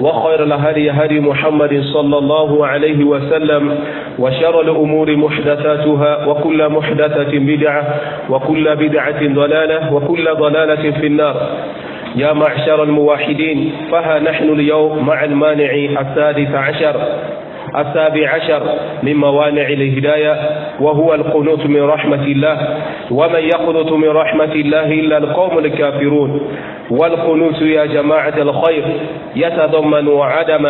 وخير الهدي هدي محمد صلى الله عليه وسلم وشر الأمور محدثاتها وكل محدثة بدعة وكل بدعة ضلالة وكل ضلالة في النار يا معشر الموحدين فها نحن اليوم مع المانع السادس عشر السابع عشر من موانع الهداية وهو القنوت من رحمة الله ومن يقنط من رحمة الله إلا القوم الكافرون والقنوت يا جماعة الخير يتضمن عدم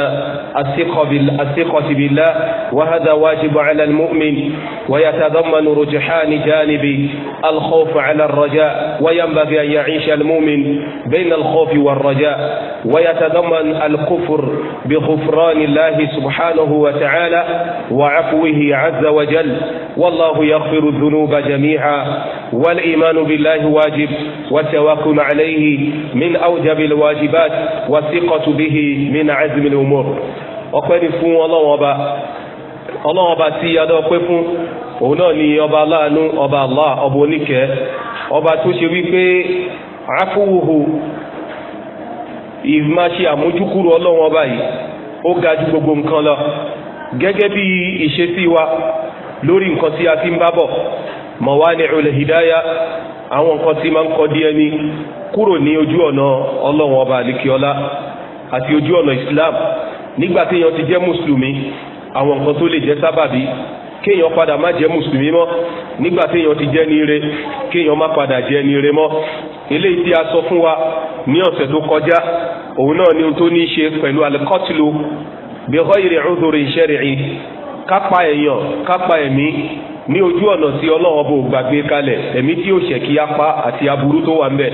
الثقة بالله وهذا واجب على المؤمن ويتضمن رجحان جانب الخوف على الرجاء وينبغي أن يعيش المؤمن بين الخوف والرجاء ويتضمن الكفر بغفران الله سبحانه وتعالى وعفوه عز وجل والله يغفر الذنوب جميعا والإيمان بالله واجب والتوكل عليه min awjabi alwajibat wa siqatu bihi min azmi alumur ọpẹ́ ni fún ọlọ́wọ́n ọba ọlọ́wọ́n ọba tí pé fún òun náà ni ọba aláàánú ọba Allah ọba ọba tó ṣe wípé àfúwòhò ìmáṣe àmójúkúrò ọlọ́wọ́n ọba gbogbo nǹkan lọ gẹ́gẹ́ bí ìṣesí wa lórí nǹkan tí a bọ̀ mawani'ul hidaya àwọn nǹkan tí máa ń kọ́ díẹ̀ ní kúrò ní ojú ọ̀nà ọlọ́run ọba àlekíọ́lá àti ojú ọ̀nà islam nígbà téèyàn ti jẹ́ mùsùlùmí àwọn nǹkan tó lè jẹ́ sábàbí kéèyàn padà má jẹ́ mùsùlùmí mọ́ nígbà téèyàn ti jẹ́ ní ire kéèyàn má padà jẹ́ ní ire mọ́ eléyìí tí a sọ fún wa ní ọ̀sẹ̀ tó kọjá òun náà ni ohun tó ní í ṣe pẹ̀lú alikọ́tìlú bí ghayri udhuri shar'i kápá èèyàn kápá ẹ̀mí ní ojú ọ̀nà tí ọlọ́wọ́ bò gbàgbé kalẹ̀ ẹ̀mí tí ó ṣẹ̀kí apá àti aburú tó wà ń bẹ̀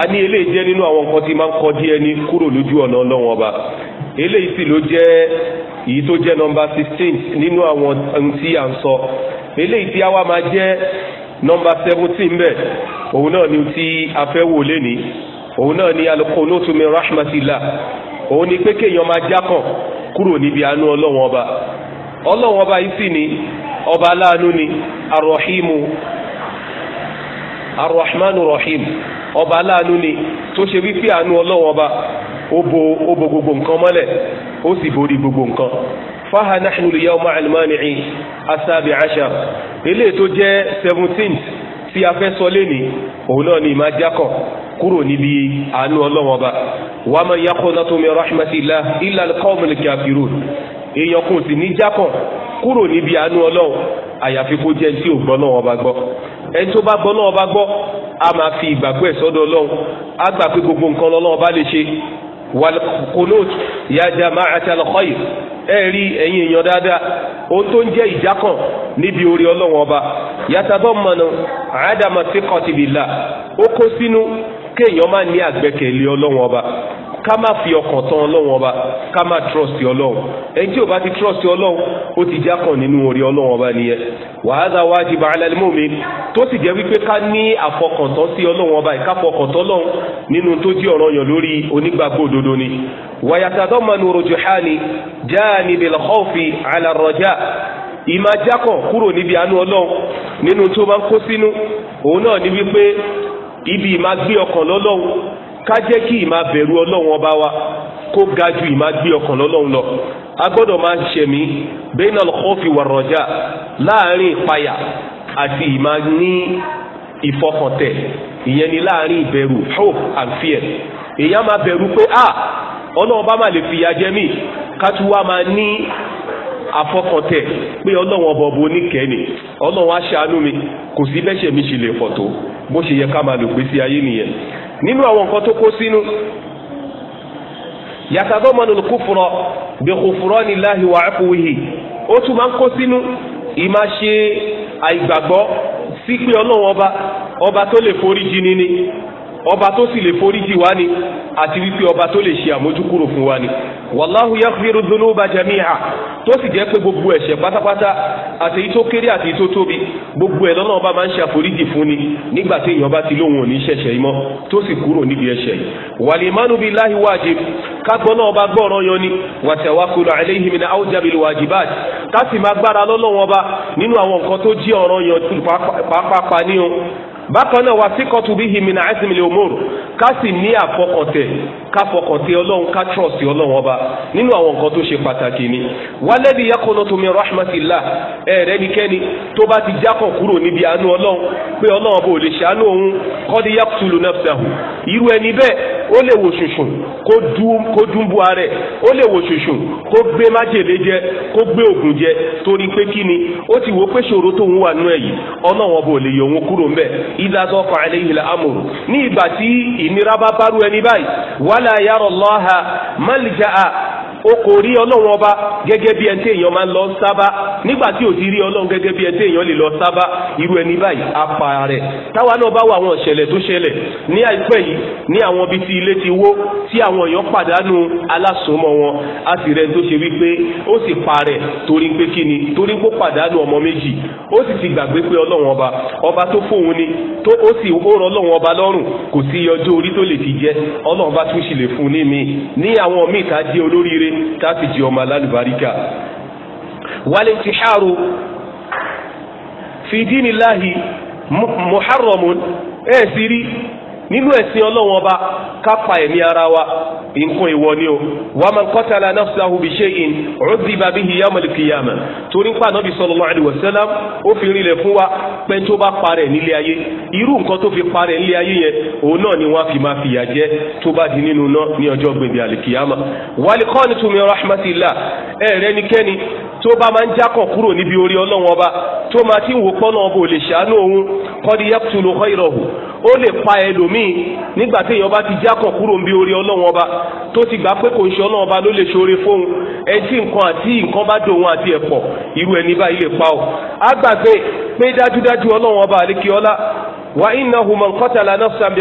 a ní eléyìí jẹ́ nínú àwọn nǹkan tí máa ń kọ́ díẹ̀ kúrò lójú ọ̀nà ọlọ́wọ́ ọba eléyìí sì ló jẹ́ èyí tó jẹ́ nọmba sixteen nínú àwọn ohun tí à ń sọ eléyìí tí a wá máa jẹ́ nọmba seventeen bẹ́ẹ̀ òun náà ni tí a fẹ́ wò lénìí òun náà ni alqunutu min rahmatillah òun ni pé kéèyàn máa jákàn kúrò níbi àánú ọlọ́wọ́n ọba ọlọ́wọ́n ọba yìí sì ni ọba aláàánú ni arọ̀hímù arọ̀hímánù rọ̀hím ọba aláàánú ni tó ṣe wípé àánú ọlọ́wọ́n ọba ó bo ó bo gbogbo nǹkan mọ́lẹ̀ ó sì borí gbogbo nǹkan faha nahnu liyawma almani'i asabi ashar eléyìí tó jẹ́ seventeenth tí a fẹ́ sọ léni òun náà ni ìmáa jákọ̀ kúrò níbi àánú ọlọ́wọ́n ọba wa man yaqnatu min rahmatillah illa alqawmul kafirun èèyàn kò sì ní jákọ̀ kúrò níbi àánú ọlọ́run àyàfi kó jẹ́ tí ò gbọ́ náà ọba gbọ́ ẹni tó bá gbọ́ náà ọba gbọ́ a máa fi ìgbàgbọ́ ẹ̀ sọ́dọ̀ ọlọ́run á gbà pé gbogbo nǹkan lọ́nà ọba lè ṣe wàlùkùnúùtù ya jama'atal khayr ẹ rí ẹ̀yin èèyàn dáadáa ohun tó ń jẹ́ ìjákàn níbi orí ọlọ́run ọba yàtàbọ̀ mọ̀nà àádàmọ̀ sí kọ́tìbìlà ó kó sínú kéèyàn má ní àgbẹ̀kẹ̀lé ọlọ́run ọba ká má fi ọkàn tán ọlọ́run ọba ká má trust ọlọ́run ẹni tí ò bá ti trust ọlọ́run ó ti já kàn nínú orí ọlọ́run ọba nìyẹn wàhálà wájib ala al-mu'min tó sì jẹ́ wípé ká ní àfọkàntán sí ọlọ́run ọba ìká fọkàntán lọ́run nínú tó jẹ́ ọ̀ranyàn lórí onígbàgbọ́ òdodo ni wàyàtàdọ́mọ̀nù rojuhani jáàni bil khawfi ala ar-raja ìmá jákọ̀ kúrò níbi àánú ọlọ́run nínú tó máa ń kó sínú òun náà ní wípé ibi ìmá gbé ọkàn lọ́lọ́run ká jẹ́ kí ìmá bẹ̀rù ọlọ́run ọba wa kó ga ju ìmá gbé ọkàn lọ́lọ́run lọ a gbọ́dọ̀ máa ń ṣẹ̀mí bẹ́ẹ̀nà lọ́kọ́fì wà rọ̀jà láàrin ìpayà àti ìmá ní ìfọkàntẹ̀ ìyẹn ni láàrin ìbẹ̀rù hope and fear èèyàn máa bẹ̀rù pé a ọlọ́run bá máa lè fìyà jẹ mí ká tún wá máa ní afọkàntẹ̀ pé ọlọ́run ọba ọba oníkẹ́ni ọlọ́run á ṣàánú mi kò sí bẹ́ṣẹ̀ mi ṣe lè pọ̀ tó bó ṣe yẹ ká máa lò pé sí ayé nìyẹn nínú àwọn nǹkan tó kó sínú yàtàdọ́ mọ́nà kúfùrọ̀ bí kúfùrọ̀ ní láhi wà áfúwìhì ó tún máa ń kó sínú ìmá ṣe àìgbàgbọ́ sí pé ọlọ́run ọba ọba tó lè foríjì ni ni ọba tó sì lè foríjì wá ni àti wípé ọba tó lè ṣe àmójúkúrò fún wa ni wàláhu yaghfiru dhunuba jami'a tó sì jẹ́ pé gbogbo ẹ̀ṣẹ̀ pátápátá àtèyí tó kéré àtèyí tó tóbi gbogbo ẹ̀ lọ́nà ọba máa ń ṣe àforíjì fún ni nígbà tí èèyàn bá ti lóhun òní ṣẹ̀ṣẹ̀ imọ́ tó sì kúrò níbi ẹ̀ṣẹ̀ yìí wal-imanu billahi wajib kágbọ́n náà ọba gbọ́ràn yan ni wa tawakkulu alayhi min ká sì máa gbára lọ́lọ́wọ́n ọba nínú àwọn nǹkan tó jí ọ̀ràn yan pàápàá ní o bákan náà wasikọtu bihi min azmil umur ká sì ní àfọkàntẹ̀ ká fọkàntẹ̀ ọlọ́run ká trọ̀sì ọlọ́run ọba nínú àwọn nǹkan tó ṣe pàtàkì ni wálẹ́bí yakọ̀nà tó mi rahmatillah ẹ̀rẹ́ nìkẹ́ni tó bá ti jákọ̀ kúrò níbi àánú ọlọ́run pé ọlọ́run bò lè ṣàánú òun kọ́dí yakutulu nafsahu irú ẹni bẹ́ẹ̀ ó lè wò ṣùṣùn kó dún bu ara ẹ̀ ó lè wò ṣùṣùn kó gbé májèlé jẹ kó gbé ògùn jẹ torí pé kí ni ó ti wò pé ṣòro tóun wà nú ẹ̀ yìí ọlọ́wọ́n bò lè yọ òun kúrò ńbẹ̀ ìdá sọ́kọ̀ àlẹ́ ìlà amòrò ní ìgbà tí ìnira bá bárú ẹni báyìí wàlá yàrá lọ́ha o kò rí ọlọ́run ọba gẹ́gẹ́ bí ẹni tí èèyàn máa ń lọ sábà nígbà tí ò ti rí ọlọ́run gẹ́gẹ́ bí ẹni tí èèyàn lè lọ sábà irú ẹni báyìí apá rẹ̀ táwa náà bá wà àwọn ìṣẹ̀lẹ̀ tó ṣẹlẹ̀ ní àìpẹ́ yìí ní àwọn ibi tí ilé ti wó tí àwọn èèyàn pàdánù alásùnmọ́ wọn a sì rẹ̀ tó ṣe wípé ó sì parẹ̀ torí pé kí ni torí pé ó pàdánù ọmọ méjì ó sì ti gbàgbé pé ọlọ́run ọba ọba tó fóun ni tó ó sì ó rọ ọlọ́run ọba lọ́rùn kò sí ọjọ́ orí tó lè ti jẹ ọlọ́run bá tún sì lè fún ní mi ní àwọn míì tá jẹ́ olóríire tá a sì jẹ ọmọ alálùbáríkà wàlẹ̀ ti ṣàrò fìdí muharramun ẹ̀ sí nínú ẹ̀sìn ọlọ́wọ́n ọba ká pa ẹ̀mí ara wa nǹkan ìwọ ni o wà á máa kọ́tà la nafsahu bi shay'in udhiba bihi yawmal qiyamah torí pa Ànábì sallallahu alaihi wasallam ó fi rinlẹ̀ fún wa pé tó bá parẹ̀ nílé ayé irú nǹkan tó fi parẹ̀ nílé ayé yẹn òun náà ni wọ́n fi máa fìyà jẹ tó bá di nínú náà ní ọjọ́ gbèdé àlìkìyàmà wal qanitu min rahmatillah ẹ̀rẹ́ nikẹ́ni kọ́ni yaqtulu ghayrahu ó lè pa ẹlòmíì nígbà tí èèyàn bá ti jákọ̀ kúrò ń bí orí ọlọ́run ọba tó ti gbà pé kò ń ṣe ọlọ́run ọba ló lè ṣoore fóun ẹ tí nǹkan àti nǹkan bá dòun àti ẹ̀pọ̀ irú ẹni báyìí lè pa ọ́ á gbàgbé pé dájúdájú ọlọ́run ọba àlékiọ́lá wa innahu man qatala nafsan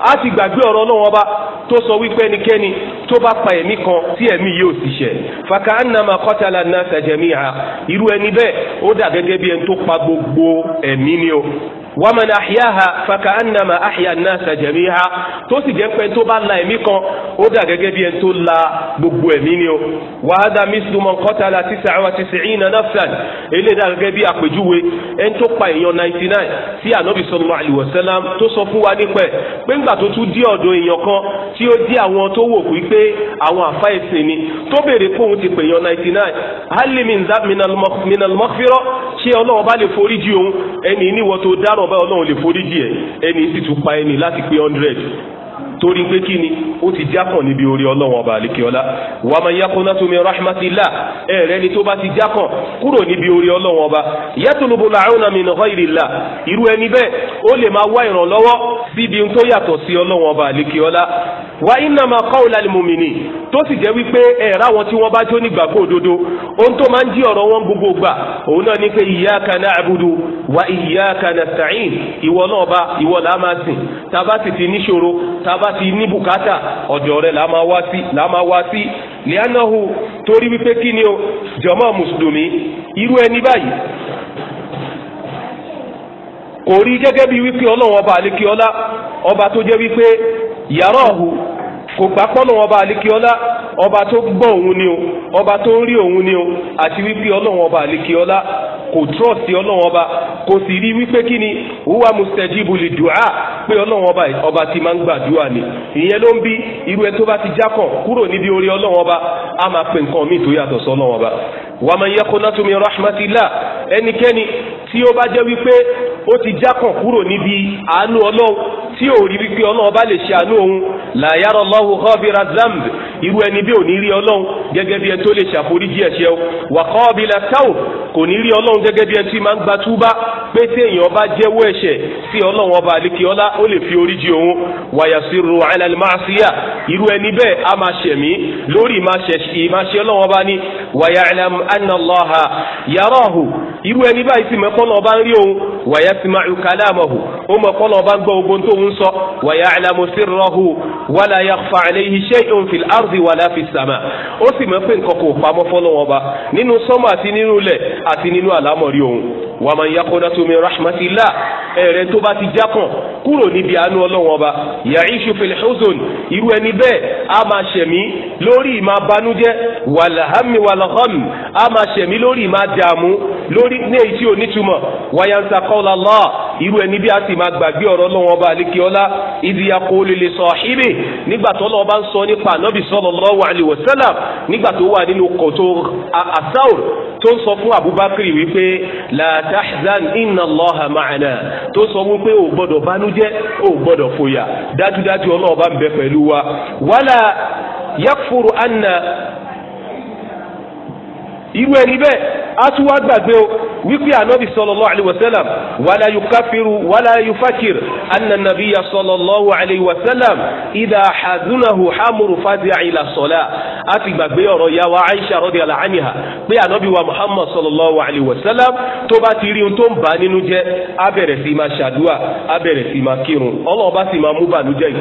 a ti gbàgbé ọ̀rọ̀ Ọlọ́run Ọba tó sọ wípé ẹnikẹ́ni tó bá pa ẹ̀mí kan tí ẹ̀mí yóò sì ṣẹ̀ fàkà ànàmà kọ́tàlà náà sàjẹ̀mí ha irú ẹni bẹ́ẹ̀ ó dà gẹ́gẹ́ bí ẹni tó pa gbogbo ẹ̀mí ni o wàmàn àhíyáha fakaannama àhíyá nasa jamiha tó sì jẹ́ pé tó bá la ẹ̀mí kan ó dà gẹ́gẹ́ bí ẹni tó la gbogbo ẹ̀mí ni o wàhádà mísìlú man qatala tísà àwọn tísì ìnà nafsan eléyìí dà gẹ́gẹ́ bí àpèjúwe ẹni tó pa èèyàn ninety nine sí ànábì sallallahu alaihi wasallam tó sọ fún wa nípẹ́ pé ńgbà tó tún dí ọ̀dọ̀ èèyàn kan tí ó dí àwọn tó wò pé pé àwọn àfa ẹ̀sìn ni tó béèrè pé ti pè èèyàn ninety nine náà bá ọlọ́run lè foríjì ẹ̀ ẹni sì tún pa ẹni láti pé hundred torí pé kí ni ó ti jákàn níbi orí ọlọ́wọ́n ọba àlekèọ́lá wà máa yákun náà tómi rahmatillah ẹ̀rẹ́ ni tó bá ti jákàn kúrò níbi orí ọlọ́wọ́n ọba yàtúlùbù làánà mi nà ghayrillah irú ẹni bẹ́ẹ̀ ó lè máa wá ìrànlọ́wọ́ síbi tó yàtọ̀ sí ọlọ́wọ́n ọba àlekèọ́lá wà innama qawla al-mu'mini tó sì jẹ́ wípé ẹ̀rá wọn tí wọ́n bá jó nígbàgbọ́ òdodo ohun tó máa ń jí ọ̀rọ̀ wọn gbogbo gbà òun náà ní pé iyyaka na'budu wa iyyaka nasta'in ìwọ náà bá ìwọ làá máa sìn tá a bá sì ti níṣòro tá a bá ti ní bùkátà ọ̀dọ̀ rẹ̀ la máa wá sí là máa wá sí lẹ́yìnáhù torí wípé kí ni o jọmọ́ mùsùlùmí irú ẹni báyìí kò rí gẹ́gẹ́ bí ọba ọba tó jẹ́ wípé yàrá ọ̀hún kò gbà pọ́nà ọba tó gbọ́ òun ni o ọba tó ń rí òun ni o àti wípé ọlọ́run ọba àlekè ọlá kò trust ọlọ́run ọba kò sì rí wípé kí ni huwa mustajibuli du'a pé ọlọ́run ọba ọba ti máa ń gbàdúrà ni ìyẹn ló ń bí irú ẹ tó bá ti jákàn kúrò níbi orí ọlọ́run ọba a máa pe nǹkan míì tó yàtọ̀ sí ọlọ́run ọba wa man yaqnatu min rahmatillah ẹnikẹ́ni tí ó bá jẹ́ wípé ó ti jákàn kúrò níbi àánú ọlọ́run tí ò rí wípé ọlọ́run ọba lè ṣe àánú òun la yara Allahu ghabira dhanb ẹlẹ́ṣẹ̀ ò ní rí ọlọ́run gẹ́gẹ́ bí ẹ tó lè ṣàforíjì ẹ̀ṣẹ̀ o wà kọ́ọ̀bìlà táwò kò ní rí ọlọ́run gẹ́gẹ́ bí ẹ tí máa ń gba túbá pé tí èèyàn bá jẹ́wọ́ ẹ̀ṣẹ̀ sí ọlọ́run ọba àlekíọ́lá ó lè fi oríjì òun wàyà sí ru máa sí yà irú ẹni bẹ́ẹ̀ a máa ṣẹ̀mí lórí ìmáṣẹ́ ọlọ́run ọba ní wàyà anàlọ́ha yàrá ọ̀hù irú ẹni báyìí sì mẹ́kọ́nà ọba ń rí òun wàyà fi sàmà ó sì mọ̀ pé nǹkan kò pamọ́ fọ́lọ́wọ́n ba nínú sọ́mà àti nínú ilẹ̀ àti nínú àlámọ̀rí òun wà máa ń yakọ́dá tó mi rahmatillah ẹ̀rẹ́ tó bá ti jákàn kúrò níbi àánú ọlọ́wọ́n ba yaishu fil huzun irú ẹni bẹ́ẹ̀ a máa ṣẹ̀mí lórí ìmá banújẹ́ wàlàhámi wàlàhámi a máa ṣẹ̀mí lórí ìmá dààmú lórí ní èyí tí ò nítumọ̀ wàyànsá kọ́lá lọ́ọ̀ irú ẹni bí a sì máa gbàgbé ọ̀rọ̀ ọlọ́wọ́n ba àlekíọ́lá ìdíyàkó lè lè sọ àhíbè sallallahu alayhi wa sallam nígbà tó wà nínú kòtò asaur tó ń sọ fún abubakar wípé la tahzan inna allaha ma'ana tó sọ wípé ò gbọ́dọ̀ bánújẹ́ ò gbọ́dọ̀ fòyà dájúdájú ọlọ́run ń bẹ pẹ̀lú wa wala yakfuru anna irú ẹni bẹ́ẹ̀ a tún wá gbàgbé o wípé anabi sallallahu alayhi wa sallam wala yukafiru wala yufakir anna nabiya sallallahu alayhi wa sallam idha hazunahu hamuru fadiya ila sọlá a ti gbàgbé ọ̀rọ̀ ya wa aisha radiyallahu anha pé anabi wa muhammad sallallahu alayhi wa sallam tó bá ti rí ohun tó ń bà nínú jẹ́ a bẹ̀rẹ̀ sí máa ṣàdúrà a bẹ̀rẹ̀ sí máa kírun ọlọ́ọ̀bá sì máa mú bànújẹ́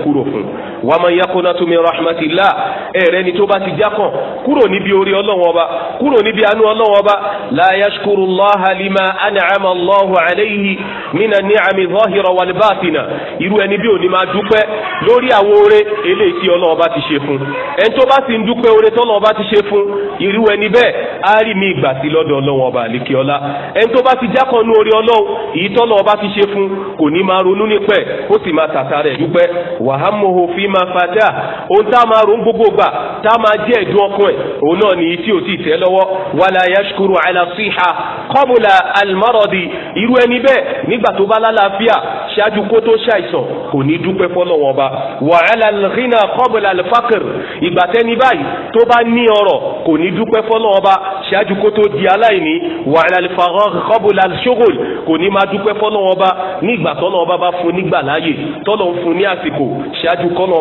wa man yakunatu min rahmatillah ẹ̀rẹ́ni tó bá ti jákàn kúrò níbi orí ọlọ́wọ́n ọba kúrò níbi àánú ọlọ́wọ́n ọba لا يشكر الله لما أنعم الله عليه من النعم الظاهرة والباطنة irú ẹni bí òní máa dúpẹ́ lórí àwọn oore eléyìí tí Ọlọ́run bá ti ṣe fún ẹni tó bá sì ń dúpẹ́ oore tọ́lọ́run bá ti ṣe fún irú ẹni bẹ́ẹ̀ á rí mi ìgbà sí lọ́dọ̀ Ọlọ́run ọba àlekè ọlá ẹni tó bá ti jákọ̀ọ́nú oore Ọlọ́run èyí tọ́lọ́run bá ti ṣe fún kò ní máa ronú nípẹ́ ó sì máa tàta rẹ̀ dúpẹ́ wàhámọ́hó fi máa fàdá ohun tá a máa ronú gbogbo gbà tá a máa jẹ́ ẹ̀dùn ọkàn ẹ̀ òun náà nìyí tí ò tí ì tẹ́ lọ́wọ́ wàlá yashkuru àlàfíà kọ́bùlà àlùmọ́rọ̀dì irú ẹni bẹ́ẹ̀ nígbà tó bá lálàáfíà ṣáájú kó tó ṣàìsàn kò ní dúpẹ́ fọlọ́wọ́n ba wàhálà lẹ́hìnà kọ́bùlà àlùfákìr ìgbà tẹ́ni báyìí tó bá ní ọrọ̀ kò ní dúpẹ́ fọlọ́wọ́n ba ṣáájú kó tó di aláìní wàhálà àlùfáàrọ̀ kọ́bùlà àlùṣọ́gòl kò ní máa dúpẹ́ fọlọ́wọ́n ba nígbà tọ́lọ́ ọba bá fún nígbà láàyè tọ́lọ́ ń fún ní àsìkò ṣáájú kọ́lọ́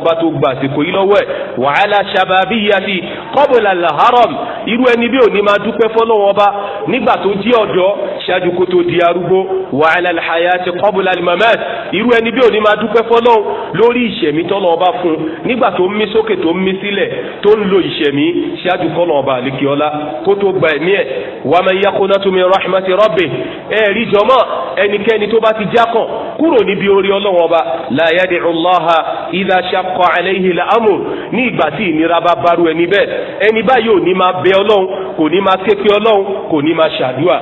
irú ẹni bí ò ní máa dúpẹ́ fọlọ́wọ́n ba nígbà tó jí ọ̀dọ́ ṣáájú kó tó di arúgbó wa ala al-hayati qabla al-mamat irú ẹni bí òní máa dúpẹ́ fọlọ́hún lórí ìṣẹ̀mí tọ́lọ́ ọba fún un nígbà tó ń mí sókè tó ń mí sílẹ̀ tó ń lo ìṣẹ̀mí ṣáájú kọ́lọ́ ọba àlekíọ́lá kó tó gba ẹ̀mí ẹ̀ wa man yaqnatu min rahmati rabbih ẹ̀ẹ́rì jọmọ́ ẹnikẹ́ni tó bá ti jákàn kúrò níbi orí ọlọ́wọ́n ọba la yad'u Allaha idha shaqqa alayhi al-amr ní ìgbà tí ìnira bá bárú ẹni bẹ́ẹ̀ ẹni báyìí ò ní máa bẹ ọlọ́run kò ní máa ké pé ọlọ́run kò ní máa ṣàdúrà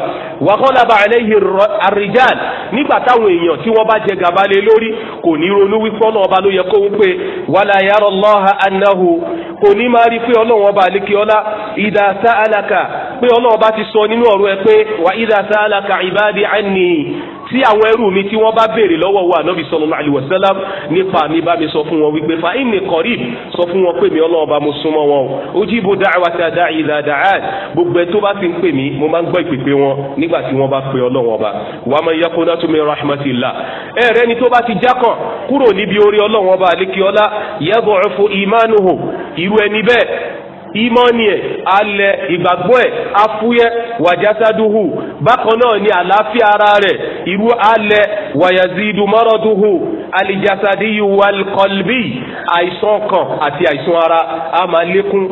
wa ghalaba alayhi ar-rijal nígbà táwọn èèyàn tí wọ́n bá jẹ gàba lé lórí kò ní ronú wípé ọlọ́run ló yẹ kó ń pè wala yara Allaha kò ní máa rí pé ọlọ́run ọba àlékè ọlá idha sa'alaka pé ọlọ́run ọba ti sọ nínú ọ̀rọ̀ ẹ pé wà idha sa'alaka ibadi anni tí àwọn ẹrú mi tí wọ́n bá béèrè lọ́wọ́ wa ànábì sallallahu alaihi wasallam nípa mi bá mi sọ fún wọn wípé fa inni qarib sọ fún wọn pé mi ọlọ́run bá mo súnmọ́ wọn o ujibu da'wata da'i idha da'an gbogbo ẹ tó bá ti ń pè mí mo máa ń gbọ́ ìpèpè wọn nígbà tí wọ́n bá pe ọlọ́run ọba wa man yaqnatu min rahmatillah ẹ rẹ ni tó bá ti jákàn kúrò níbi orí ọlọ́run ọba àlékiọlá yad'ufu ìmọ̀ni ẹ̀ alẹ̀ ìgbàgbọ́ ẹ̀ afúyẹ́ wàjásáduhu bákan náà ni àlàáfíà ara rẹ̀ irú alẹ̀ wàyàzídu mọ́rọ́duhu alijasadiyu walkọlbi àìsàn kan àti àìsàn ara a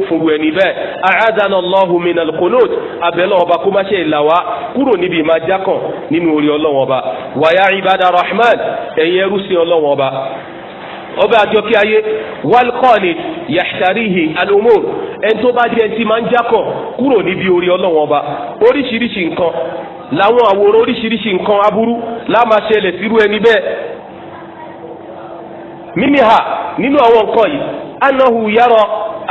fúru ẹni bẹ́ẹ̀ aadana allahu min alqunut abẹ́lẹ́ ọba kó má ṣe là wá kúrò níbi ìmá nínú orí ọlọ́wọ́n wàyà ibada rahman ẹ̀yin ẹrú sí ọba àjọkí ayé wálkọ́ọ̀nì yàtàríhì alomor ẹni tó bá jẹ́ ẹni tí máa ń jákọ̀ kúrò níbi orí ọlọ́wọ́n ọba oríṣiríṣi nǹkan làwọn àwòrán oríṣiríṣi nǹkan aburú láàmà ṣẹlẹ̀ sírú ẹni bẹ́ẹ̀ mímí ha nínú àwọn nǹkan yìí anahu yàrá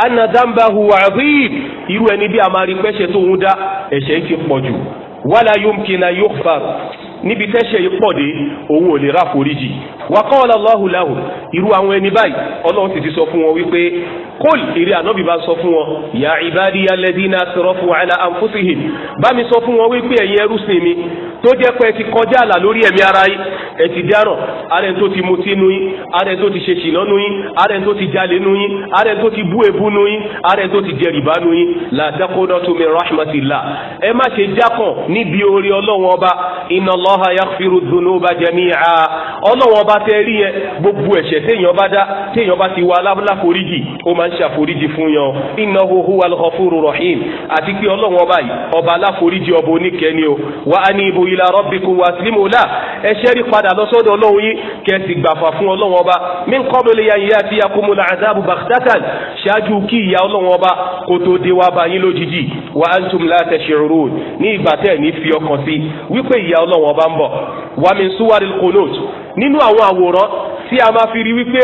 anadambahu azim irú ẹni bí a máa rí pẹ́ṣẹ̀ tó ń dá ẹ̀ṣẹ̀ ti pọ̀ jù wala yomkina yóò fà níbi tẹ́ṣẹ̀ yìí pọ̀ dé òun ò lè rà foríjì wa qala Allahu lahu irú àwọn ẹni báyìí ọlọ́run ti ti sọ fún wọn wípé kóòl eré ànábì bá sọ fún wọn ya ibadiya alladhina asrafu ala anfusihim bá mi sọ fún wọn wípé ẹ̀yin ẹrú sìn mi tó jẹ́ pé ẹ ti kọjá àlà lórí ẹ̀mí ara ẹ ti dáràn ààrẹ tó ti mutí nu yín ààrẹ tó ti ṣe ṣìnà nu yín ààrẹ tó ti jalè nu yín ààrẹ tó ti bú ebú nu yín ààrẹ tó ti jẹ rìbá nu yín la taqnatu min rahmatillah ẹ má ṣe jákàn níbi orí ọlọ́wọ́n ọba inna Allaha yaghfiru dhunuba jami'a ọlọ́wọ́n ọba tẹ́ rí yẹn gbogbo ẹ̀ṣẹ̀ téèyàn bá dá téèyàn bá ti wá aláforíjì ó máa ń ṣàforíjì fún yàn innahu huwal ghafuru rahim àti pé ọlọ́wọ́n ọba yìí ọba aláforíjì ọba oníkẹ́ni o wa anibu ila rabbikum waslimu la ẹ̀ṣẹ̀ rí padà lọ́sọ́dọ̀ ọlọ́run yín yín kẹ́sì gbàfà fún ọlọ́wọ́n ọba min qabli an ya'tiyakumul azabu baghtatan ṣáájú kí ìyà ọlọ́wọ́n ọba kó tó dé wá bá yín lójijì wa antum la tash'urun ní ìgbà tẹ́ ní fi ọkàn sí wípé ìyà ọlọ́wọ́n ọba ń bọ̀ wa min suwaril qunut nínú àwọn àwòrán tí a máa fi rí wípé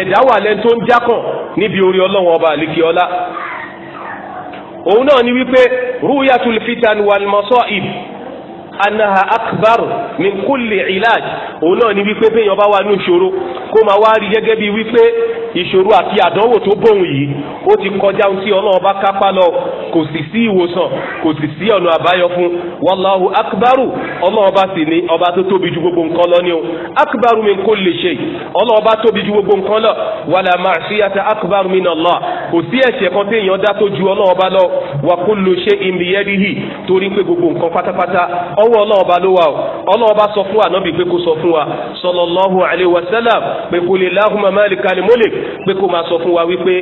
ẹ̀dá wà lẹ́ni tó ń jákàn níbi orí ọlọ́wọ́n ọba àlekíọ́lá òun náà ni wípé rúyàtul fitan wal masa'ib anaha akbar min kulli ilaj òun náà ni wípé bẹ́ẹ̀ yọba wa ní ìṣòro kó máa wá rí gẹ́gẹ́ bíi wípé ìṣòro àti àdánwò tó bóun yìí ó ti kọjá ohun tí ọlọ́run kápá lọ kò sì sí ìwòsàn kò sì sí ọ̀nà àbáyọ fún wàláhu akbaru ọlọ́run ọba sì ni ọba tó tóbi ju gbogbo nǹkan lọ ni o akbaru min kulli shay ọlọ́run ọba tóbi ju gbogbo nǹkan lọ wàlà màṣíyàtà akbaru min Allah kò sí ẹ̀ṣẹ̀ kan téèyàn dá tó ju ọlọ́run lọ wà kullu shay'in biyadihi torí pé gbogbo nǹkan pátápátá ọwọ́ ọlọ́run ló wà o ọlọ́run sọ fún ànábì pé kó sọ fún wa sallallahu alayhi wa sallam pé kó lè láhùnmá máàlìkàlì mólè pé kó máa sọ fún wa wípé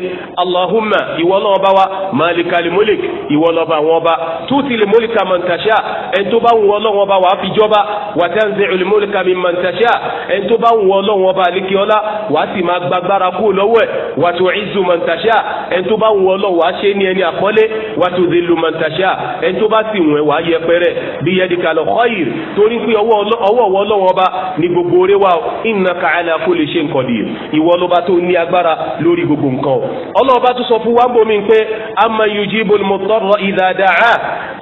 allahumma ìwọ ọlọ́run ọba wa máàlìkàlì mólè ìwọ lọ́ba àwọn ọba tútì lè mólíkà mọ̀ntàṣà ẹni tó bá wù ọ́ lọ́wọ́ ọba wàá fi jọba wà tẹ́ ń zẹ ìlú mólíkà mi mọ̀ntàṣà ẹni tó bá wù ọ́ lọ́wọ́ ọba àlékiọ́lá wàá sì máa gbàgbára kú lọ́wọ́ ẹ̀ wà tó ìzù mọ̀ntàṣà ẹni tó bá wù ọ́ lọ́wọ́ wàá ṣe ní ẹni àpọ́lé wà tó zèlú mọ̀ntàṣà ẹni tó bá sì wù ẹ́ wàá yẹpẹrẹ bí yẹdika lọ kọ́yìr ni gbogbo wa innaka ala kulli shay'in qadir ìwọ lọ́ba tó ní agbára lórí gbogbo nǹkan ọlọ́ọ̀ba tó sọ fún wa bómi pé mọ̀tọ́rọ̀ ìdàdàá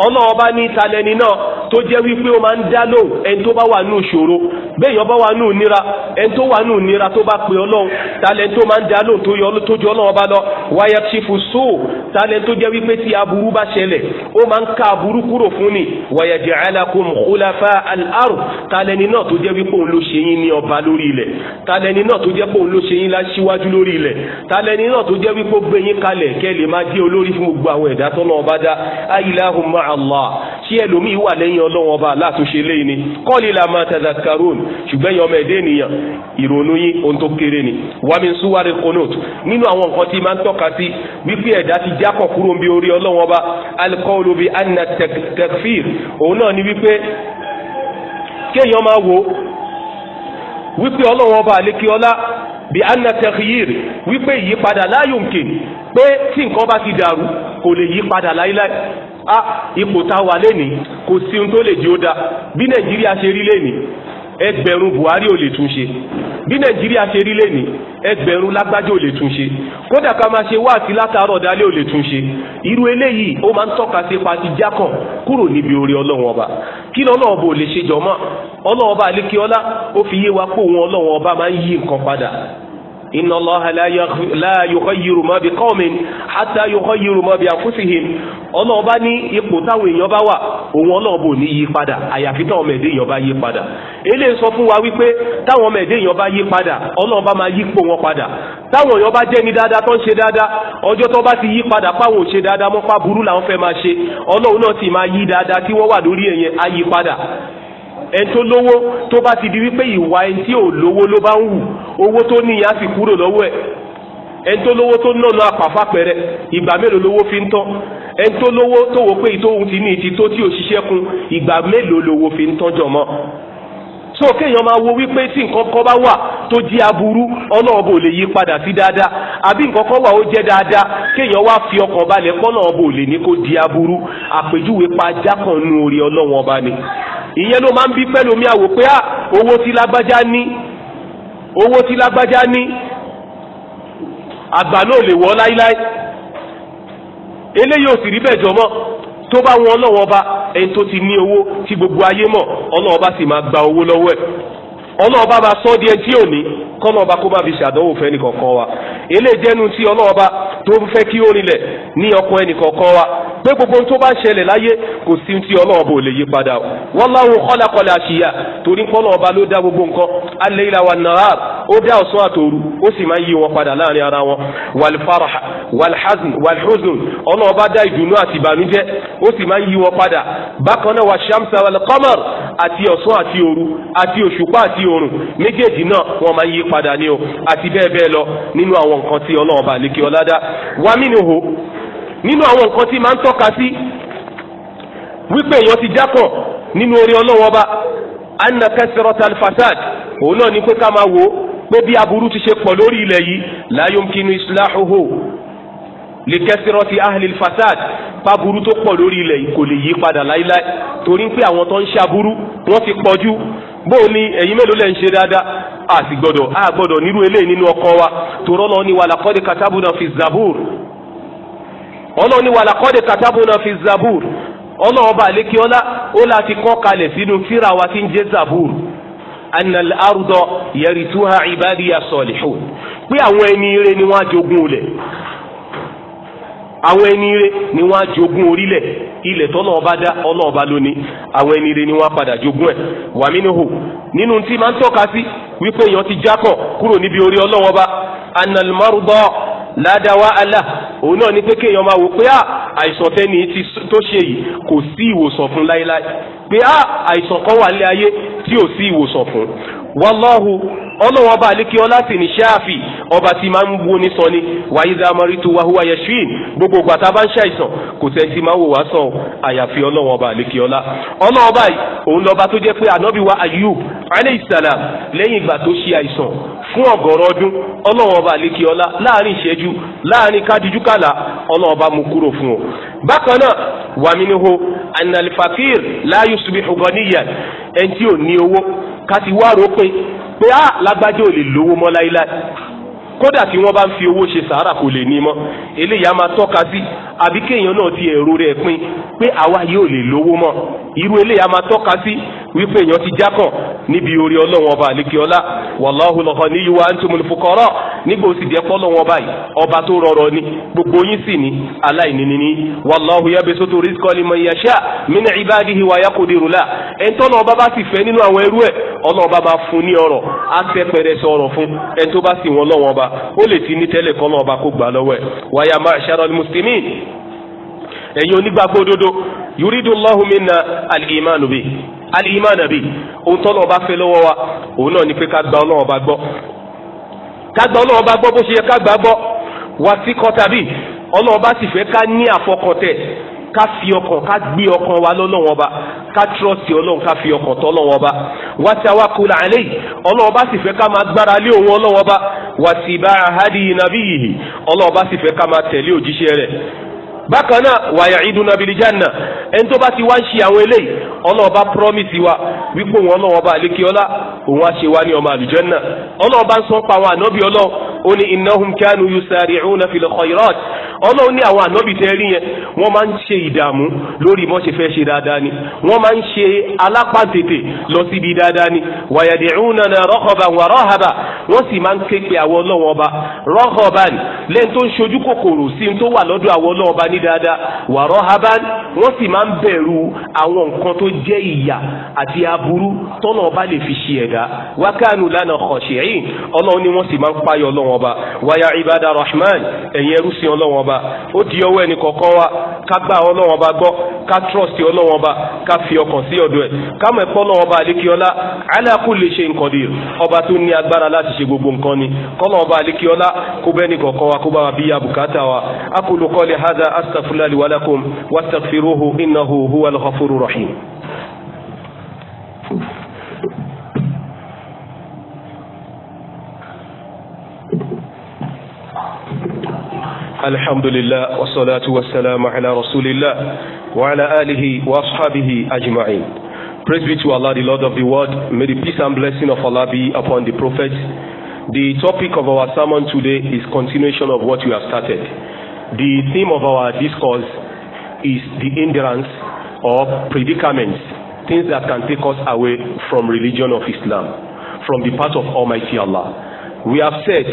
ọlọ́run bá ní talẹ́ni náà tó jẹ́ wípé ó máa ń dá lóhùn ẹni tó bá wà nù ṣòro béèyàn bá wà nù nira ẹni tó wà nù nira tó bá pè ọlọ́run talẹ́ni tó máa ń dá lóhùn tó yọ tó jọ ọlọ́run bá lọ wáyà tìfù sóò talẹ́ni tó jẹ́ wípé tí aburú bá ṣẹlẹ̀ ó máa ń ká aburú kúrò fún ni wáyà jẹ́ alákùn kúláfà alárù talẹ́ni náà tó jẹ́ wípé òun ló ṣe yín ní ọba tọ́lọ́ ọba dá ayíláhùn máa Allah ṣé ẹlòmíì wà lẹ́yìn ọlọ́wọ́n ọba látúnṣe léyìn ni kọ́ọ̀lì la máa tẹ̀sà karol ṣùgbọ́n yẹn ọmọ ẹ̀dẹ́ ènìyàn ìrònú yín ohun tó kéré ni wàmí suwari konot nínú àwọn nǹkan tí máa ń tọ́ka sí wípé ẹ̀dá ti jákọ̀ kúrò bí orí ọlọ́wọ́n ọba alikọ́ọ̀lù bíi anna tekfir òun náà ni wípé kéèyàn máa wò wípé ọlọ́wọ́n ọba àlékiọlá bí anna tẹ̀kìyìr wípé ìyípadà láyòǹkè pé tí nǹkan bá ti dàrú kò lè yípadà láíláí a ah, ipò tá a wà lénìí kò sí ohun tó lè di ó da bí nàìjíríà ṣe rí lénìí ẹgbẹ̀rún Buhari ò lè tún ṣe bí Nàìjíríà ṣe rí lẹ́ni ẹgbẹ̀rún lágbájá ò lè tún ṣe kódà ká máa ṣe wáàsí látàárọ̀ dálé ò lè tún ṣe irú eléyìí ó máa ń tọ́ka sí pati jákàn kúrò níbi orí ọlọ́run ọba kí ni ọba ò lè ṣe jọ̀mọ́ ọlọ́run ọba àlékè ó fi yé wa pé òun ọlọ́run ọba máa ń yí nǹkan padà inna allaha la yughayyiru ma bi qawmin hatta yughayyiru ma bi anfusihim ọlọ́run bá ní ipò táwọn èèyàn bá wà òun ọlọ́run ní yí padà àyàfi táwọn ọmọ ẹ̀dẹ́ èèyàn bá yí padà eléyìí sọ fún wa wípé táwọn ọmọ ẹ̀dẹ́ èèyàn bá yí padà ọlọ́run bá yípo wọn padà táwọn èèyàn bá jẹ́ ní dáadáa tó ń ṣe dáadáa ọjọ́ tó bá ti yí padà páwọn ò ṣe dáadáa mọ́ pa burú làwọn fẹ́ máa ṣe ọlọ́run náà sì máa wípé ìwà ẹni tí ò lówó ló owó tó ní ìyá sì kúrò lọ́wọ́ ẹ̀ ẹni tó lówó tó náà náà pàfà pẹ̀rẹ̀ ìgbà mélòó lówó fi ń tán ẹni tó lówó tó wò pé ìtòhun ti ní ìtì tó tí ò ṣiṣẹ́ kun ìgbà mélòó lówó fi ń tán jọmọ́ so kéèyàn máa wo wípé tí nǹkan kan bá wà tó jí aburú ọlọ́ọ̀bù ò lè yí padà sí dáadáa àbí nǹkan kan wà ó jẹ́ dáadáa kéèyàn wá fi ọkàn balẹ̀ kọ́lọ́ọ̀bù ò lè ní kó di aburú àpèjúwe pa jákànnú orí ọlọ́wọ́n ọba ni ìyẹn ló máa ń bí pẹ́lú mi àwò pé ah, owó tí lágbájá ní owó tí lágbájá ní àgbà náà lè wọ́ láíláí eléyìí ò sì rí bẹ́ẹ̀ jọmọ́ tó bá wọn ọlọ́wọ́ ọba ẹni tó ti ní owó tí gbogbo ayé mọ̀ ọlọ́wọ́ ọba sì máa gba owó lọ́wọ́ ẹ̀ ọlọ́ọ̀ba bá sọ di ẹtí òní kọ́lọ́ọ̀ba kó má fi ṣàdánwò fẹ́ nìkọ̀ọ̀kan wa eléyìí jẹ́nu tí ọlọ́ọ̀ba tó fẹ́ kí ó rinlẹ̀ ní ẹnìkọ̀ọ̀kan wa pé gbogbo tó bá ṣẹlẹ̀ láyé kò sí tí ọlọ́ọ̀ba ò lè yí padà wallahu khalaqal ashiya torí kọ́lọ́ọ̀ba ló dá gbogbo nǹkan ó dá ọ̀sán àtòru ó sì máa ń yí wọn padà láàrin ara wọn wàlfàrà wàlhazn wàlhuzn ọ̀nà ọba dá ìdùnnú àti ìbànújẹ́ ó sì máa ń yí wọn padà bákan náà wà sàmsà wàlkọ́mọ̀r àti ọ̀sán àti òru àti òṣùpá àti òrùn méjèèjì náà wọ́n máa ń yí padà ní o àti bẹ́ẹ̀ bẹ́ẹ̀ lọ nínú àwọn nǹkan tí ọlọ́run ọba àlékè ọládá wàmínúhò nínú àwọn nǹkan tí máa ń tọ́ka sí wípé èèyàn ti jákọ̀ nínú orí ọlọ́wọ́ bá anna kẹsìrọ̀tà alfasad òun náà ní pé ká máa wò ó pé bí aburú ti ṣe pọ̀ lórí ilẹ̀ yìí la yumkinu islahuhu likẹsirọti ahlil fasad paburú tó pọ̀ lórí ilẹ̀ yìí kò lè yí padà láíláí torí pé àwọn tó ń ṣe aburú wọ́n ti pọ̀ jù bó o ní ẹ̀yin mélòó lẹ́ ń ṣe dáadáa a sì gbọ́dọ̀ a gbọ́dọ̀ nírú eléyìí nínú ọkọ wa tòrọ́ lọ ní wàlàkọ́dé katabuna fi zabur ọlọ́ ní wàlàkọ́dé katabuna fi zabur ọlọ́ ọba àlékiọ́lá ó láti kọ́ kalẹ̀ sínú tírà wa tí ń jẹ́ zabur anna al-arda yarituha ibadiya salihun pé àwọn ẹni ire ni wọ́n á jogún olẹ̀ àwọn ẹni ire ni wọ́n á jogún orílẹ̀ ilẹ̀ tọ́nà ọba dá ọ̀nà ọba lónìí àwọn ẹni ire ni wọ́n á padà jogún ẹ̀ wà mí nìhò nínú tí máa ń tọ́ka sí wípé èèyàn ti jákọ̀ kúrò níbi orí ọlọ́wọ́ba anna al-marda la dawa alah òun náà ni pé kéèyàn máa wò pé à ah, àìsàn tẹ́ni ti tó ṣe yìí kò sí ìwòsàn fún láéláé pé ah, àìsàn kan wà lé ayé tí ò sí ìwòsàn fún wàláhù ọlọ́wọ́n ọba àlékè ọlá sì ní ṣáàfì ọba tí máa ń wo ní sọ ni wàyíza amaritu wahuwa yashin gbogbo ìgbà tá a bá ń ṣàìsàn kò sẹ́ni tí máa wò wá sàn àyàfi ọlọ́wọ́n ọba àlékè ọlá ọlọ́wọ́n ọba yìí òun lọ́ba tó jẹ́ pé ànábì wa ayu, alayhi salam lẹ́yìn ìgbà tó ṣe àìsàn fún ọ̀gọ̀rọ̀ ọdún ọlọ́wọ́n ọba àlékè ọlá láàrin ìṣẹ́jú láàrin kájújú kàlà ọlọ́wọ́n ọba mú kúrò fún ọ bákan náà wàmínihu analfakir la yusbihu ganiyan ẹni tí ò ní owó kàti wá rò pé pé á ah, lágbájá ò lè lówó mọ́ láíláí kódà tí wọ́n bá ń fi owó ṣe sàárà kò lè ní mọ́ eléyà máa tọ́ka sí àbí kéèyàn náà ti ẹ̀rọ rẹ̀ pín pé àwa yìí lè lówó mọ́ irú eléyà máa tọ́ka sí wípé èèyàn ti jákàn níbi orí ọlọ́run ọba àlekèọ́lá wàláhù lọ́kàn ní yíwá antumul fukọ́rọ́ nígbà ó sì jẹ́ pọ́lọ́run ọba ọba tó rọrọ ni gbogbo yín sì ní aláìní ni ní wàláhù yabesoto rizqali man yasha min ibadihi wa yaqdiru la ẹ̀ńtọ́nà ọba bá sì fẹ́ nínú àwọn ẹrú ẹ̀ ọlọ́run ọba fún ní ọrọ̀ á pẹrẹsẹ ọrọ̀ fún tó bá sì wọn lọ́wọ́n ọba ó lè ti ní tẹ́lẹ̀ kọ́ lọ́wọ́ ọba kó gbà lọ́wọ́ ẹ̀ minna al-iman bi ohun tó lọ́wọ́ bá fẹ́ lọ́wọ́ wa òun náà ni pé ká gba Ọlọ́run bá gbọ́ ká gba Ọlọ́run bá gbọ́ bó ṣe yẹ ká ka gbọ́ wá sí fi ọkàn ká gbé ọkàn wa lọ́lọ́run ka ká trọ́ọ̀sì ọlọ́run fi ọkàn tọ́ ọlọ́run ọba wá sí awakùnrin àlẹ́ yìí ọlọ́run ọba sì fẹ́ ká máa gbára lé òun wá sí ibà nàbí yìí sì fẹ́ ká máa bákan náà wàyà ìdúnà bìlìjánà ẹni tó bá ti wá ń ṣe àwọn eléyìí ọlọ́ọ̀bá promise wa wípé òun ọlọ́ọ̀bá àlékiọ́lá òun á ṣe wá ní ọmọ àlùjánà ọlọ́ọ̀bá ń sọ pa àwọn ànábì ọlọ́ọ̀ ó ní innahum kanu yusari'una fil khayrat ọlọ́ọ̀ ní àwọn ànábì tẹ́ rí yẹn wọ́n máa ń ṣe ìdààmú lórí bọ́n fẹ́ ṣe dáadáa ni wọ́n máa ń ṣe alápàtètè lọ síbi dáadáa ni wàyàdìrúnà rọ́kọ̀bà wà rọ́hàbà wọ́n sì máa ń ké pe àwọn ọlọ́wọ́n ọba lẹ́yìn ní dáadáa wàrọ̀ haban wọ́n sì máa ń bẹ̀rù àwọn nǹkan tó jẹ́ ìyà àti aburú tọ́nà ọba lè fi ṣe ẹ̀dá wákàánù lánàá khashi'in ọlọ́run ni wọ́n sì máa ń payọ̀ ọlọ́run ọba wáyà ibada rahman ẹ̀yin ẹrú sí ọlọ́run ọba ó di ọwọ́ ẹni kọ̀ọ̀kan wa ká gbà ọlọ́run ọba gbọ́ ká trust ọlọ́run ọba ká fi ọkàn sí ọ̀dọ̀ ẹ̀ ká mọ̀ ẹ̀pọ́ ọlọ́run ọba àlékiọlá ala kulli shay'in qadir ọba tó ní agbára láti ṣe gbogbo nǹkan ni kọ́lọ́run ọba àlékiọlá kó bẹ́ẹ̀ ni kọ̀ọ̀kan wa kó bá wa bí abùkátà wa astaghfirullah li wa lakum wastaghfiruhu innahu huwal ghafurur rahim. الحمد لله والصلاة والسلام على رسول الله وعلى آله وأصحابه أجمعين Praise be to Allah, the Lord of the world. May the peace and blessing of Allah be upon the Prophet. The topic of our sermon today is continuation of what we have started. The theme of our discourse is the hindrance or predicaments, things that can take us away from religion of Islam, from the path of Almighty Allah. We have said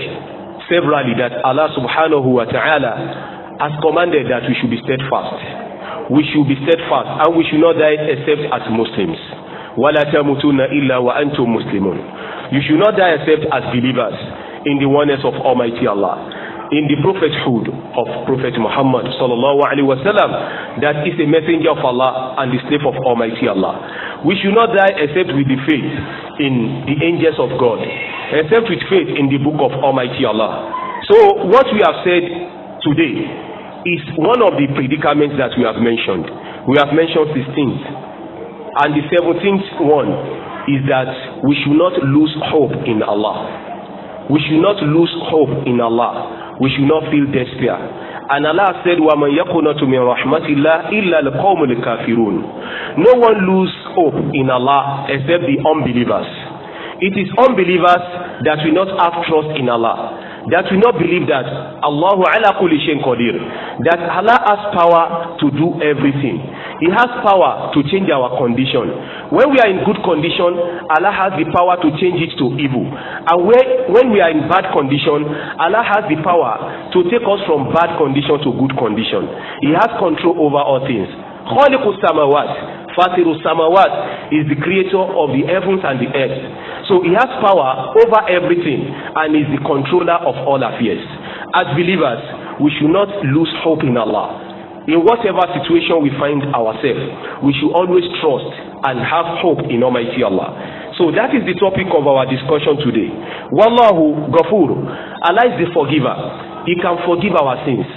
severally that Allah subhanahu wa ta'ala has commanded that we should be steadfast. We should be steadfast and we should not die except as Muslims. وَلَا تَمُتُنَّ إِلَّا وَأَنْتُمْ مُسْلِمُونَ You should not die except as believers in the oneness of Almighty Allah in the prophethood of Prophet Muhammad sallallahu alaihi wasallam that is a messenger of Allah and the slave of Almighty Allah. We should not die except with the faith in the angels of God, except with faith in the book of Almighty Allah. So what we have said today is one of the predicaments that we have mentioned. We have mentioned 16th and the 17th one is that we should not lose hope in Allah. We should not lose hope in Allah we should not feel despair. And Allah said, وَمَنْ يَقُنَتُ مِنْ رَحْمَةِ اللَّهِ إِلَّا الْقَوْمُ الْكَافِرُونَ No one lose hope in Allah except the unbelievers. It is unbelievers that will not have trust in Allah that we not believe that Allahu ala kulli shayin qadir that Allah has power to do everything he has power to change our condition when we are in good condition Allah has the power to change it to evil and when we are in bad condition Allah has the power to take us from bad condition to good condition he has control over all things khaliqus samawat fatiru samawat is the creator of the heavens and the earth So he has power over everything and is the controller of all affairs. As believers, we should not lose hope in Allah. In whatever situation we find ourselves, we should always trust and have hope in Almighty Allah. So that is the topic of our discussion today. Wallahu Gafur, Allah is the forgiver. He can forgive our sins.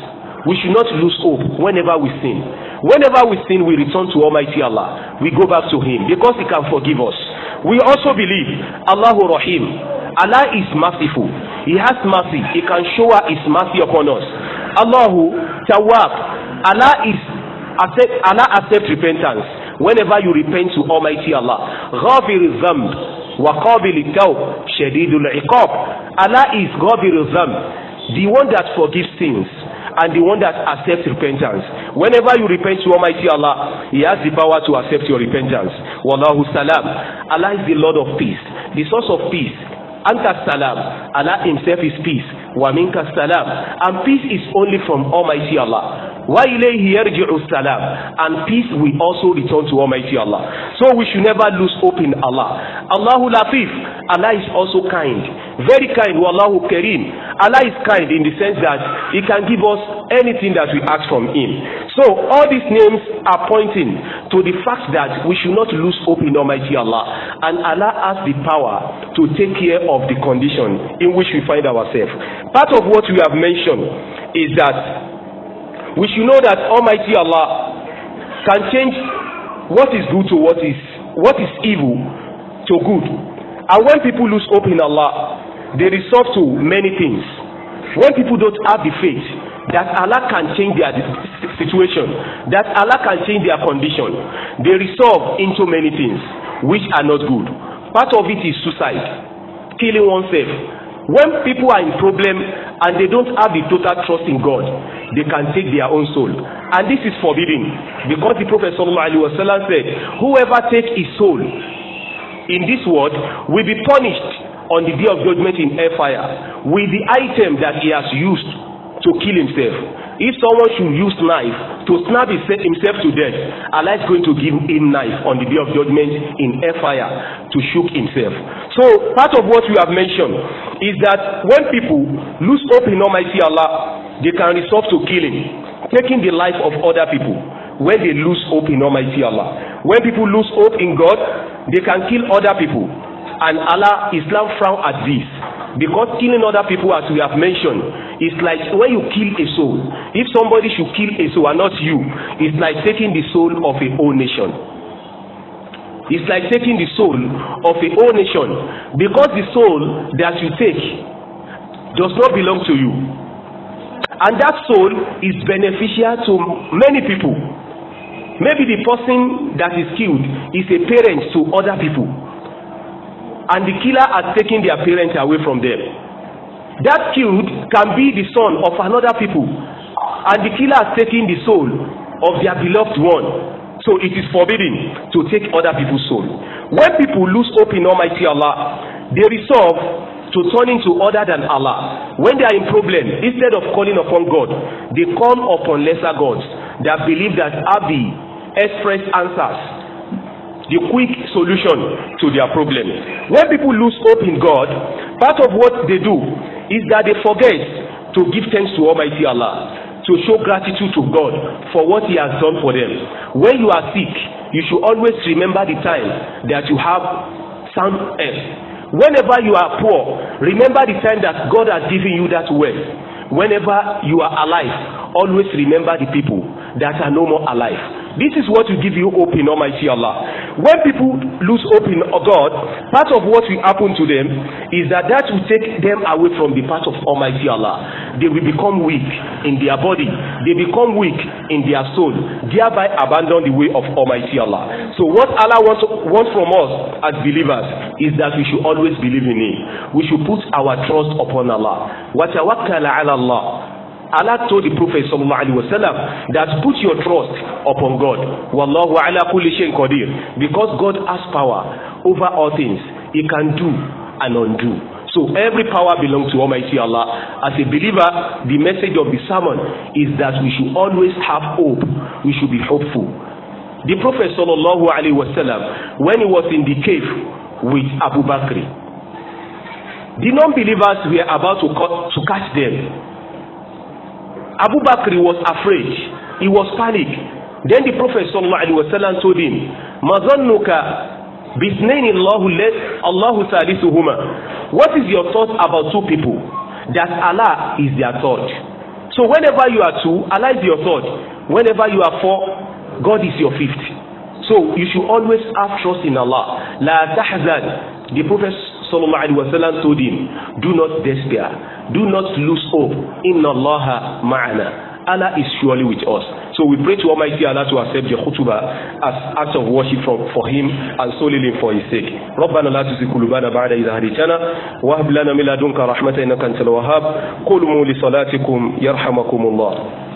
We should not lose hope whenever we sin Whenever we sin, we return to Almighty Allah. We go back to Him because He can forgive us. We also believe Allahu Rahim. Allah is merciful. He has mercy. He can shower His mercy upon us. Allahu Tawwab. Allah is accept, Allah accept repentance. Whenever you repent to Almighty Allah. Ghafir Zamb. Wa qabil tawb. Shadidul iqab. Allah is Ghafir Zamb. The one that forgives sins and the one that accepts repentance whenever you repent to Almighty Allah he has the power to accept your repentance wallahu salam Allah is the Lord of peace the source of peace anta salam Allah himself is peace wa minka salam and peace is only from Almighty Allah wa ilayhi yarji'u salam and peace will also return to Almighty Allah so we should never lose hope in Allah Allahu Latif Allah is also kind very kind wallahu kareem allah is kind in the sense that he can give us anything that we ask from him so all these names are pointing to the fact that we should not lose hope in almighty allah and allah has the power to take care of the condition in which we find ourselves part of what we have mentioned is that we should know that almighty allah can change what is good to what is what is evil to good and when people lose hope in Allah they resort to many things. When people don't have the faith that Allah can change their situation, that Allah can change their condition, they resolve into many things which are not good. Part of it is suicide, killing oneself. When people are in problem and they don't have the total trust in God, they can take their own soul. And this is forbidden because the Prophet sallallahu alaihi wasallam said, whoever take his soul in this world will be punished on the day of judgment in fire, with the item that he has used to kill himself if someone should use knife to stab himself to death Allah is going to give him knife on the day of judgment in fire to shook himself so part of what we have mentioned is that when people lose hope in Almighty Allah they can resort to killing taking the life of other people when they lose hope in Almighty Allah when people lose hope in God they can kill other people and Allah, Islam frown at this. Because killing other people, as we have mentioned, is like when you kill a soul. If somebody should kill a soul and not you, it's like taking the soul of a whole nation. It's like taking the soul of a whole nation because the soul that you take does not belong to you and that soul is beneficial to many people maybe the person that is killed is a parent to other people and the killer has taken their parents away from them. That killed can be the son of another people, and the killer has taken the soul of their beloved one. So it is forbidden to take other people's soul. When people lose hope in Almighty Allah, they resolve to turn to other than Allah. When they are in problem, instead of calling upon God, they come upon lesser gods that believe that have the express answers the quick solution to their problem. When people lose hope in God, part of what they do is that they forget to give thanks to Almighty Allah, to show gratitude to God for what He has done for them. When you are sick, you should always remember the time that you have sound health. Whenever you are poor, remember the time that God has given you that wealth. Whenever you are alive, always remember the people that are no more alive This is what will give you hope in Almighty Allah. When people lose hope in God, part of what will happen to them is that that will take them away from the path of Almighty Allah. They will become weak in their body. They become weak in their soul, thereby abandon the way of Almighty Allah. So what Allah wants, wants from us as believers is that we should always believe in Him. We should put our trust upon Allah. وَتَوَكَّلْ 'ala Allah. Allah told the Prophet sallallahu alaihi wasallam that put your trust upon God. Wallahu ala kulli shayin qadir. Because God has power over all things. He can do and undo. So every power belongs to Almighty Allah. As a believer, the message of the sermon is that we should always have hope. We should be hopeful. The Prophet sallallahu alaihi wasallam, when he was in the cave with Abu Bakr, the non-believers were about to, cut, to catch them Abu Bakr was afraid he was panic then the prophet sallallahu alaihi wasallam told him mazannuka bisnaini allahu let allahu salisuhuma what is your thought about two people that Allah is their third so whenever you are two Allah is your third whenever you are four God is your fifth so you should always have trust in Allah la tahzan the prophet sallallahu alayhi wa told him do not despair do not lose hope inna allaha ma'ana Allah is surely with us. So we pray to Almighty Allah to accept the khutbah as act of worship from, for him and solely for his sake. ربنا لا تزغ قلوبنا بعد إذ هديتنا وهب لنا من لدنك رحمة إنك أنت الوهاب قوموا لصلاتكم يرحمكم الله